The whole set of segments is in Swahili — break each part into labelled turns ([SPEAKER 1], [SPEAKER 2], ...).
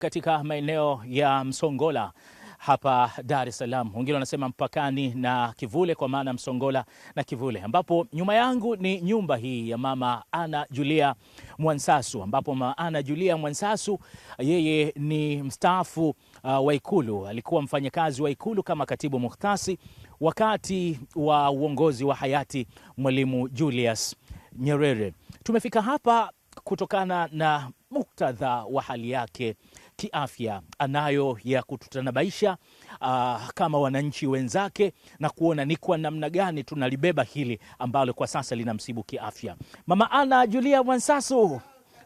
[SPEAKER 1] katika maeneo ya Msongola hapa Dar es Salaam, wengine wanasema mpakani na Kivule, kwa maana Msongola na Kivule, ambapo nyuma yangu ni nyumba hii ya mama Ana Julia Mwansasu, ambapo mama Ana Julia Mwansasu yeye ni mstaafu uh, wa Ikulu. Alikuwa mfanyakazi wa Ikulu kama katibu muhtasi wakati wa uongozi wa hayati Mwalimu Julius Nyerere. Tumefika hapa kutokana na muktadha wa hali yake kiafya anayo ya kututanabaisha uh, kama wananchi wenzake na kuona ni kwa namna gani tunalibeba hili ambalo kwa sasa linamsibu kiafya. Mama Ana Julia Mwansasu,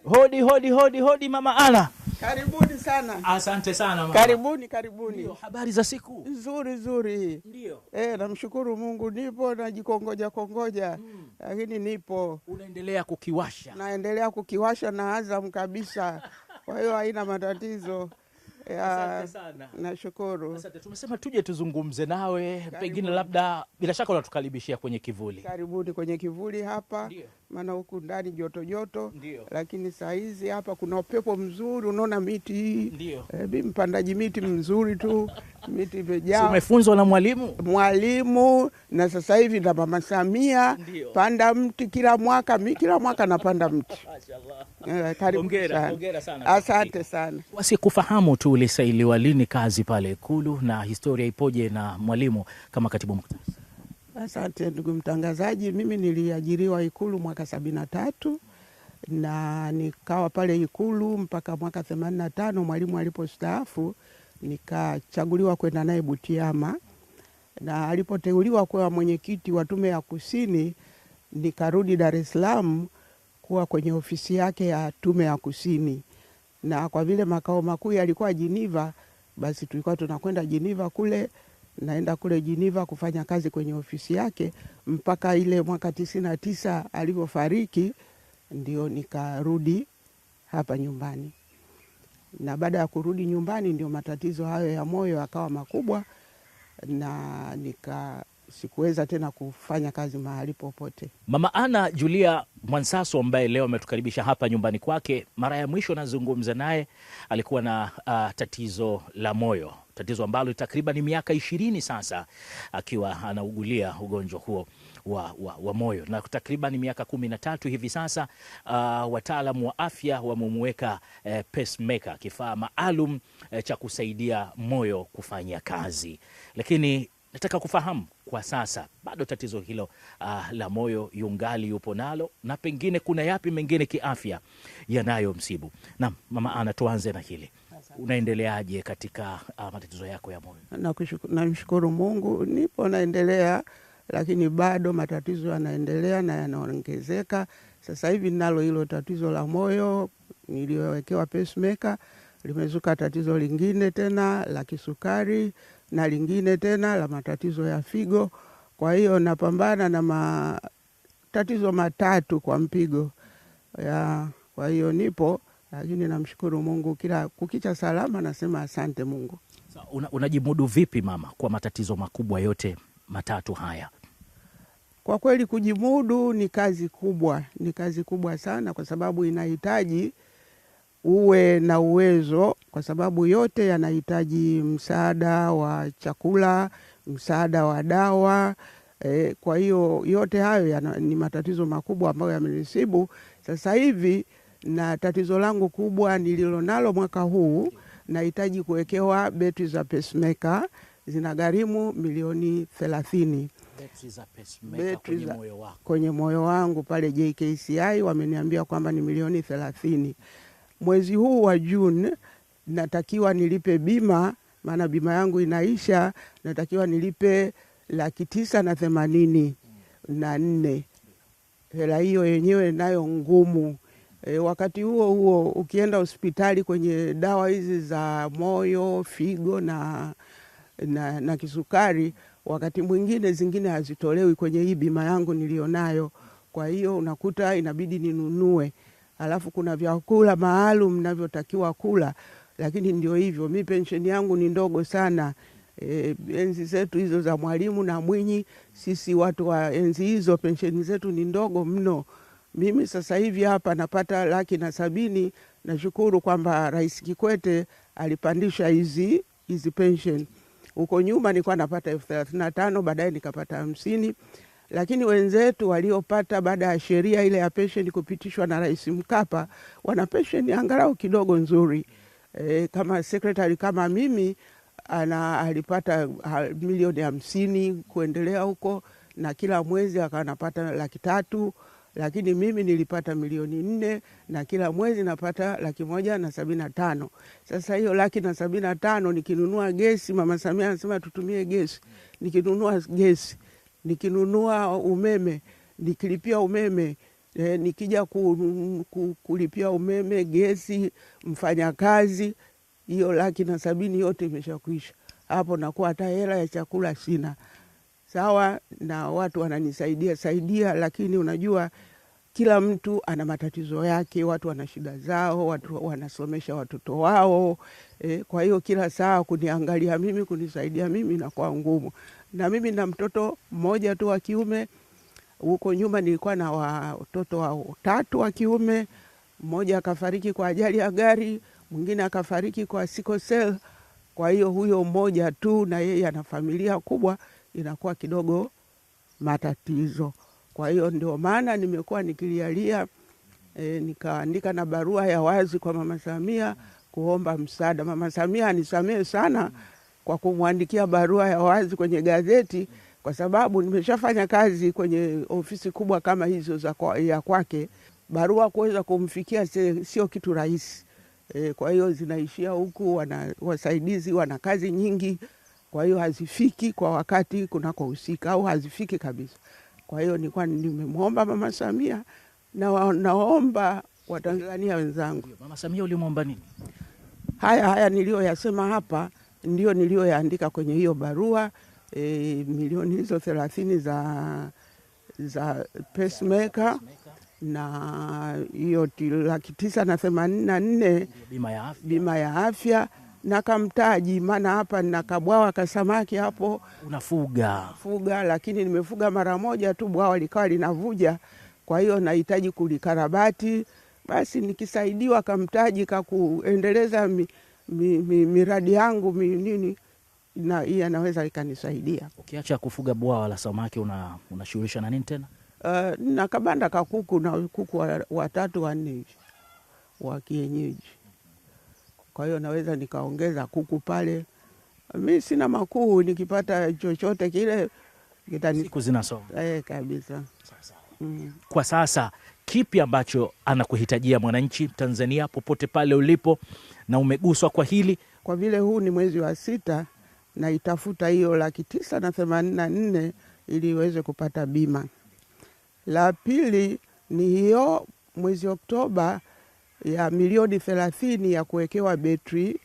[SPEAKER 1] hodi hodi hodi hodi. Mama Ana,
[SPEAKER 2] karibuni sana.
[SPEAKER 1] Asante sana mama.
[SPEAKER 2] Karibuni karibuni. Ndiyo,
[SPEAKER 1] habari za siku?
[SPEAKER 2] Nzuri nzuri. Ndio. Eh, namshukuru Mungu nipo najikongoja kongoja, mm. Lakini nipo.
[SPEAKER 1] Unaendelea kukiwasha?
[SPEAKER 2] Naendelea kukiwasha na Azam kabisa kwa hiyo haina matatizo. Nashukuru.
[SPEAKER 1] Tumesema tuje tuzungumze nawe Karibuni. Pengine labda, bila shaka unatukaribishia kwenye kivuli.
[SPEAKER 2] Karibuni kwenye kivuli hapa, maana huku ndani joto joto, lakini saa hizi hapa kuna upepo mzuri, unaona miti hii eh, e, mpandaji miti mzuri tu miti imejaa.
[SPEAKER 1] Umefunzwa na mwalimu
[SPEAKER 2] mwalimu, na sasa hivi na Mama Samia, panda mti kila mwaka. Mi kila mwaka napanda mti Eh, hongera, sana. Asante sana.
[SPEAKER 1] Wasikufahamu tu ulisailiwa lini kazi pale Ikulu na historia ipoje na mwalimu kama katibu mkuu?
[SPEAKER 2] Asante ndugu mtangazaji, mimi niliajiriwa Ikulu mwaka sabini na tatu na nikawa pale Ikulu mpaka mwaka themanini na tano mwalimu alipostaafu, nikachaguliwa kwenda naye Butiama na alipoteuliwa kuwa mwenyekiti wa tume ya kusini, nikarudi Dar es Salaam kuwa kwenye ofisi yake ya tume ya kusini, na kwa vile makao makuu yalikuwa Jiniva, basi tulikuwa tunakwenda Jiniva kule, naenda kule Jiniva kufanya kazi kwenye ofisi yake mpaka ile mwaka tisini na tisa alivyofariki, ndio nikarudi hapa nyumbani. Na baada ya kurudi nyumbani, ndio matatizo hayo ya moyo yakawa makubwa na nika sikuweza tena kufanya kazi mahali popote.
[SPEAKER 1] Mama Ana Julia Mwansasu ambaye leo ametukaribisha hapa nyumbani kwake, mara ya mwisho nazungumza naye alikuwa na uh, tatizo la moyo, tatizo ambalo takriban miaka ishirini sasa akiwa anaugulia ugonjwa huo wa, wa, wa moyo na takriban miaka kumi na tatu hivi sasa. Uh, wataalamu wa afya wamemweka eh, pacemaker, kifaa maalum eh, cha kusaidia moyo kufanya kazi, lakini Nataka kufahamu kwa sasa bado tatizo hilo uh, la moyo yungali yupo nalo, na pengine kuna yapi mengine kiafya msibu? Naam, Mama Ana, tuanze na hili. Unaendeleaje katika uh, matatizo yako ya moyo?
[SPEAKER 2] Namshukuru na Mungu, nipo naendelea, lakini bado matatizo yanaendelea na yanaongezeka. Sasa hivi nalo hilo tatizo la moyo, niliyowekewa pacemaker, limezuka tatizo lingine tena la kisukari na lingine tena la matatizo ya figo. Kwa hiyo napambana na matatizo matatu kwa mpigo ya, kwa hiyo nipo lakini namshukuru Mungu kila kukicha salama, nasema asante Mungu.
[SPEAKER 1] Una, unajimudu vipi mama kwa matatizo makubwa yote matatu haya?
[SPEAKER 2] Kwa kweli kujimudu ni kazi kubwa, ni kazi kubwa sana, kwa sababu inahitaji uwe na uwezo, kwa sababu yote yanahitaji msaada wa chakula, msaada wa dawa e. Kwa hiyo yote hayo yana, ni matatizo makubwa ambayo yamenisibu sasa hivi, na tatizo langu kubwa nililonalo mwaka huu nahitaji kuwekewa betri za pacemaker zinagharimu milioni thelathini
[SPEAKER 1] betri za
[SPEAKER 2] kwenye moyo wangu pale JKCI wameniambia kwamba ni milioni thelathini mwezi huu wa Juni natakiwa nilipe bima, maana bima yangu inaisha, natakiwa nilipe laki tisa na themanini na nne. Hela hiyo yenyewe nayo ngumu. E, wakati huo huo ukienda hospitali kwenye dawa hizi za moyo, figo na, na, na kisukari, wakati mwingine zingine hazitolewi kwenye hii bima yangu nilionayo. Kwa hiyo unakuta inabidi ninunue alafu kuna vyakula maalum navyotakiwa kula, lakini ndio hivyo, mi pensheni yangu ni ndogo sana. E, enzi zetu hizo za Mwalimu na Mwinyi, sisi watu wa enzi hizo pensheni zetu ni ndogo mno. Mimi sasa hivi hapa napata laki na sabini. Nashukuru kwamba Rais Kikwete alipandisha hizi hizi pensheni. Huko nyuma nilikuwa napata elfu thelathini na tano baadaye nikapata hamsini lakini wenzetu waliopata baada ya sheria ile ya pensheni kupitishwa na Rais Mkapa wana pensheni angalau kidogo nzuri. E, kama sekretari kama mimi ana alipata milioni hamsini kuendelea huko, na kila mwezi akawa anapata laki tatu, lakini mimi nilipata milioni nne na kila mwezi napata laki moja na sabini na tano. Sasa hiyo laki na sabini na tano nikinunua gesi, Mama Samia anasema tutumie gesi, nikinunua gesi nikinunua umeme, nikilipia umeme eh, nikija ku, ku, kulipia umeme, gesi, mfanyakazi, hiyo laki na sabini yote imeshakwisha hapo, nakuwa hata hela ya chakula sina. Sawa na watu wananisaidia saidia, lakini unajua kila mtu ana matatizo yake, watu wana shida zao, watu wanasomesha watoto wao e, kwa hiyo kila saa kuniangalia mimi, kunisaidia mimi inakuwa ngumu. Na mimi na mtoto mmoja tu wa kiume. Huko nyuma nilikuwa na watoto watatu wa kiume, mmoja akafariki kwa ajali ya gari, mwingine akafariki kwa sikosel. Kwa hiyo huyo mmoja tu, na yeye ana familia kubwa, inakuwa kidogo matatizo. Kwa hiyo ndio maana nimekuwa nikilialia e, nikaandika na barua ya wazi kwa Mama Samia kuomba msaada. Mama Samia anisamehe sana kwa kumwandikia barua ya wazi kwenye gazeti, kwa sababu nimeshafanya kazi kwenye ofisi kubwa kama hizo za kwa, ya kwake. Barua kuweza kumfikia sio kitu rahisi e, kwa hiyo zinaishia huku, wana wasaidizi wana kazi nyingi, kwa hiyo hazifiki kwa wakati kunakohusika au hazifiki kabisa. Kwa hiyo nilikuwa nimemwomba Mama Samia na wa, naomba Watanzania wenzangu.
[SPEAKER 1] Mama Samia ulimwomba nini?
[SPEAKER 2] Haya haya niliyoyasema hapa ndio niliyoyaandika kwenye hiyo barua e, milioni hizo thelathini za, za pacemaker na hiyo laki tisa na themanini na nne bima ya afya, bima ya afya na kamtaji, maana hapa nina kabwawa kasamaki hapo.
[SPEAKER 1] Unafuga
[SPEAKER 2] fuga, lakini nimefuga mara moja tu, bwawa likawa linavuja, kwa hiyo nahitaji kulikarabati. Basi nikisaidiwa kamtaji kakuendeleza mi, mi, mi, miradi yangu mi, nini na hii anaweza ikanisaidia.
[SPEAKER 1] Ukiacha kufuga bwawa la samaki, unashughulisha una na nini tena?
[SPEAKER 2] Uh, na kabanda kakuku na kuku watatu wa wanne wa kienyeji. Kwa hiyo naweza nikaongeza kuku pale. Mi sina makuu, nikipata chochote kile
[SPEAKER 1] kitani... siku zinasonga
[SPEAKER 2] eh, kabisa sasa. Mm.
[SPEAKER 1] Kwa sasa kipi ambacho anakuhitajia mwananchi Tanzania popote pale ulipo na umeguswa kwa hili?
[SPEAKER 2] Kwa vile huu ni mwezi wa sita, naitafuta hiyo laki tisa na themanini na nne ili iweze kupata bima. La pili ni hiyo mwezi Oktoba ya milioni thelathini ya kuwekewa betri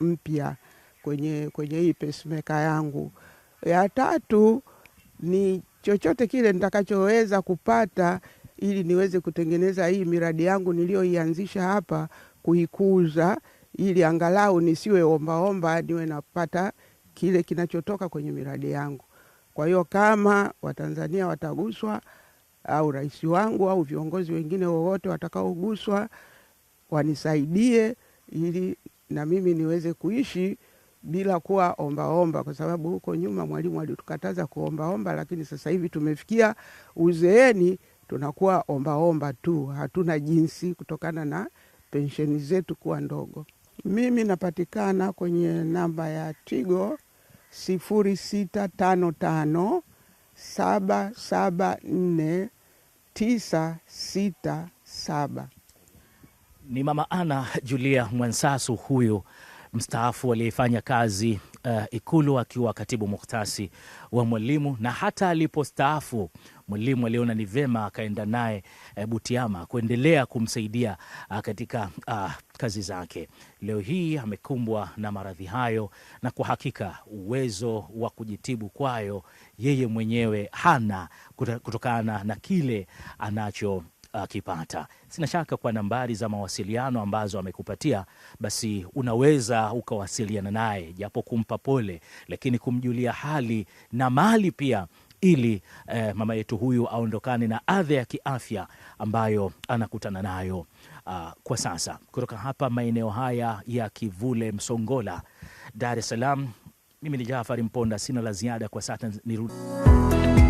[SPEAKER 2] mpya kwenye, kwenye hii pesimeka yangu. Ya tatu ni chochote kile nitakachoweza kupata ili niweze kutengeneza hii miradi yangu niliyoianzisha hapa kuikuza, ili angalau nisiwe ombaomba, niwe napata kile kinachotoka kwenye miradi yangu. Kwa hiyo kama Watanzania wataguswa au rais wangu au viongozi wengine wowote watakaoguswa wanisaidie ili na mimi niweze kuishi bila kuwa ombaomba omba, kwa sababu huko nyuma mwalimu alitukataza kuombaomba, lakini sasa hivi tumefikia uzeeni tunakuwa ombaomba tu, hatuna jinsi kutokana na pensheni zetu kuwa ndogo. Mimi napatikana kwenye namba ya Tigo sifuri sita tano tano saba saba nne tisa sita saba.
[SPEAKER 1] Ni Mama Ana Julia Mwansasu huyu mstaafu aliyefanya kazi uh, Ikulu akiwa katibu muktasi wa mwalimu, na hata alipostaafu mwalimu aliona ni vema akaenda naye uh, Butiama kuendelea kumsaidia uh, katika uh, kazi zake. Leo hii amekumbwa na maradhi hayo, na kwa hakika uwezo wa kujitibu kwayo yeye mwenyewe hana kutokana na kile anacho akipata. Uh, sina shaka kwa nambari za mawasiliano ambazo amekupatia, basi unaweza ukawasiliana naye, japo kumpa pole, lakini kumjulia hali na mali pia ili eh, mama yetu huyu aondokane na adha ya kiafya ambayo anakutana nayo uh, kwa sasa. Kutoka hapa maeneo haya ya Kivule Msongola, Dar es Salaam, mimi ni Jafari Mponda, sina la ziada kwa sasa, nirudi